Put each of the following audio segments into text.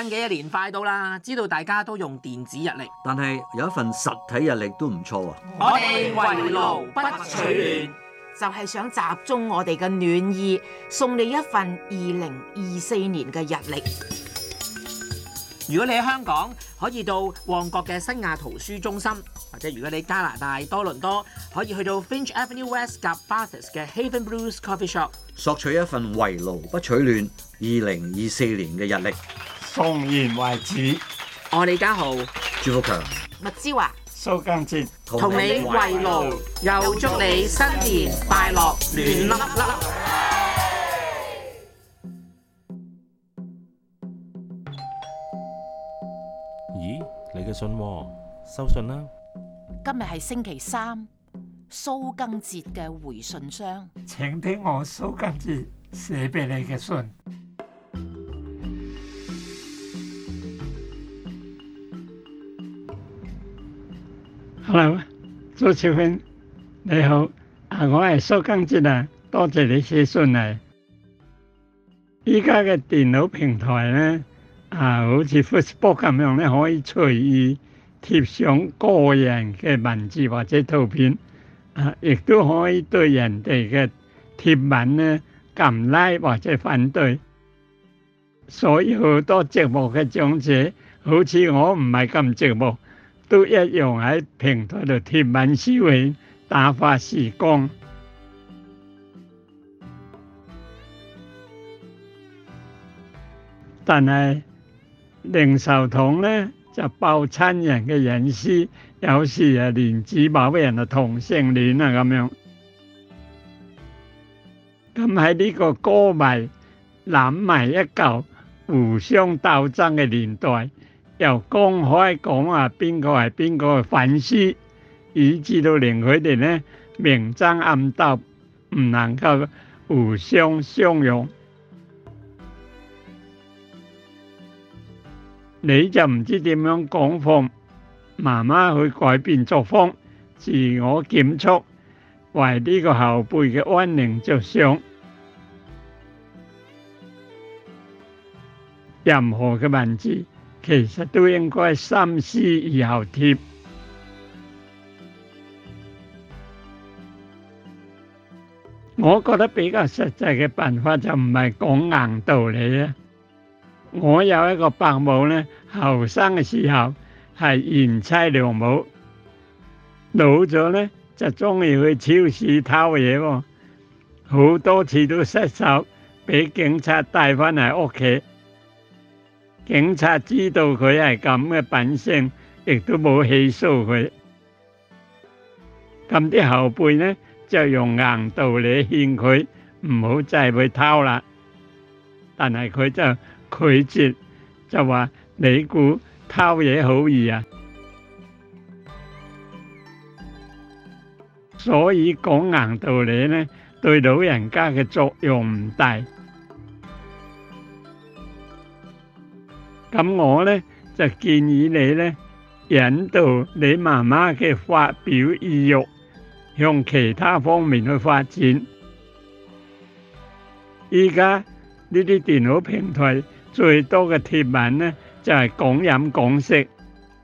新嘅一年快到啦，知道大家都用電子日曆，但係有一份實體日曆都唔錯啊！我哋為勞不取暖，就係想集中我哋嘅暖意，送你一份二零二四年嘅日曆。如果你喺香港，可以到旺角嘅新亞圖書中心，或者如果你加拿大多倫多，可以去到 Finch Avenue West 夾 Bathurst 嘅 Haven Blues Coffee Shop，索取一份為勞不取暖二零二四年嘅日曆。同言為止，我李家豪、朱福強、麥之華、蘇賡哲，同你為奴，又祝你新年快樂，圓碌碌。咦？你嘅信？收信啦！今日係星期三，蘇賡哲嘅回信箱。請聽我蘇賡哲寫俾你嘅信。hello，周少卿，你好，啊，我係蘇賡哲啊，多謝你寫信嚟。依家嘅電腦平台咧，啊，好似 Facebook 咁樣咧，可以隨意貼上個人嘅文字或者圖片，啊，亦都可以對人哋嘅貼文咧，撳 Like 或者反對。所以好多寂寞嘅長者，好似我唔係咁寂寞。都一樣喺平台度貼文視野，打發時光。但係零售通咧，就爆親人嘅隱私，有時啊，連指某啲人嘅同性戀啊咁樣。咁喺呢個歌迷攬埋一嚿互相鬥爭嘅年代。由公開講啊，邊個係邊個嘅粉絲，以致到令佢哋咧明爭暗鬥，唔能夠互相相容。你就唔知點樣講服媽媽去改變作風，自我檢束，為呢個後輩嘅安寧着想，任何嘅文字。其實都應該三思而後貼。我覺得比較實際嘅辦法就唔係講硬道理啊！我有一個伯母咧，後生嘅時候係賢妻良母，老咗咧就中意去超市偷嘢，好多次都失手，俾警察帶返嚟屋企。警察知道佢係咁嘅品性，亦都冇起訴佢。咁啲後輩呢，就用硬道理勸佢唔好再去偷啦。但係佢就拒絕，就話你估偷嘢好易啊？所以講硬道理呢，對老人家嘅作用唔大。咁我呢就建議你呢引導你媽媽嘅發表意欲，向其他方面去發展。依家呢啲電腦平台最多嘅貼文呢就係講飲講食，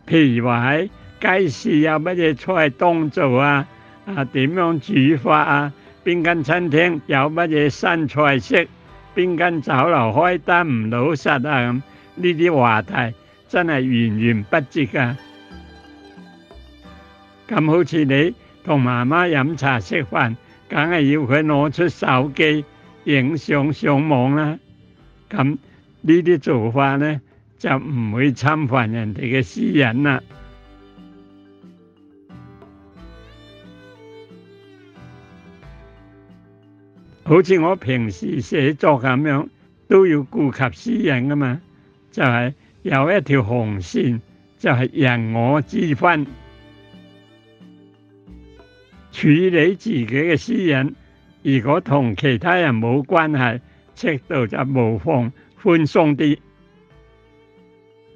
譬如話喺街市有乜嘢菜當造啊？啊點樣煮法啊？邊間餐廳有乜嘢新菜式？邊間酒樓開單唔老實啊？咁。呢啲話題真係源源不絕啊。咁好似你同媽媽飲茶食飯，梗係要佢攞出手機影相上網啦。咁呢啲做法呢，就唔會侵犯人哋嘅私隱喇。好似我平時寫作咁樣，都要顧及私隱㗎嘛。就係有一條紅線，就係人我之分。處理自己嘅私隱，如果同其他人冇關係，尺度就無妨寬鬆啲。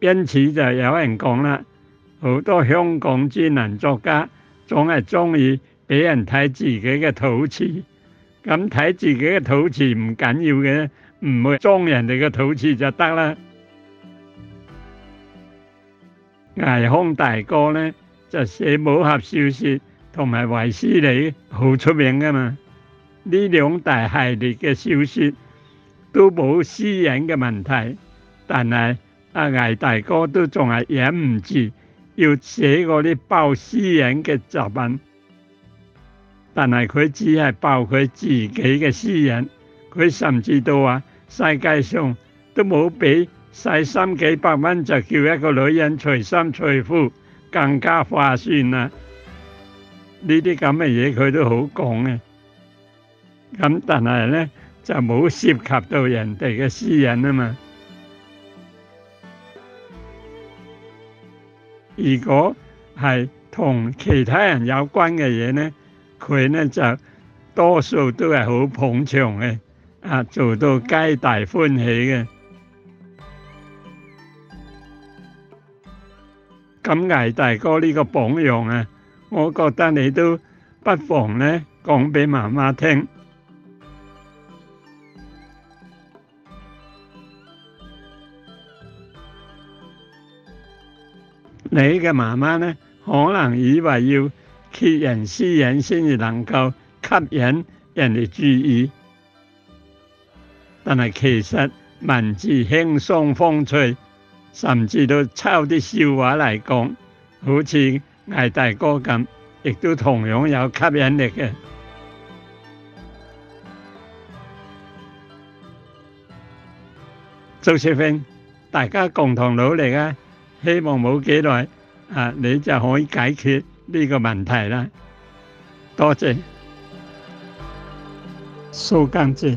因此就有人講啦，好多香港知名作家總係鍾意俾人睇自己嘅肚臍。咁睇自己嘅肚臍唔緊要嘅，唔會裝人哋嘅肚臍就得啦。倪匡大哥咧就寫武俠小說，同埋衛斯理好出名噶嘛？呢兩大系列嘅小說都冇私隱嘅問題，但係阿倪大哥都仲係忍唔住要寫嗰啲爆私隱嘅作品，但係佢只係爆佢自己嘅私隱，佢甚至都話世界上都冇畀。細心幾百蚊就叫一個女人隨心隨富更加划算啦！呢啲咁嘅嘢佢都好講嘅，咁但係咧就冇涉及到人哋嘅私隱啊嘛。如果係同其他人有關嘅嘢咧，佢咧就多數都係好捧場嘅，啊做到皆大歡喜嘅。咁魏大哥呢個榜樣啊，我覺得你都不妨呢講俾媽媽聽。你嘅媽媽呢，可能以為要揭人私隱先至能夠吸引人嘅注意，但係其實文字輕鬆風趣，甚至都抄啲笑話嚟講，好似魏大哥咁，亦都同樣有吸引力嘅。周雪峰，大家共同努力啊！希望冇幾耐啊，你就可以解決呢個問題啦。多謝，蘇賡哲。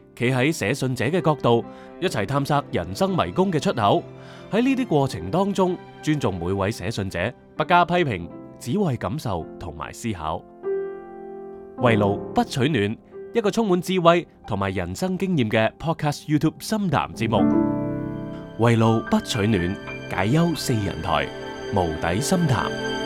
企喺寫信者嘅角度，一齊探索人生迷宮嘅出口。喺呢啲過程當中，尊重每位寫信者，不加批評，只為感受同埋思考。圍爐不取暖，一個充滿智慧同埋人生經驗嘅 Podcast YouTube 深談節目。圍爐不取暖，解憂四人台，無底深談。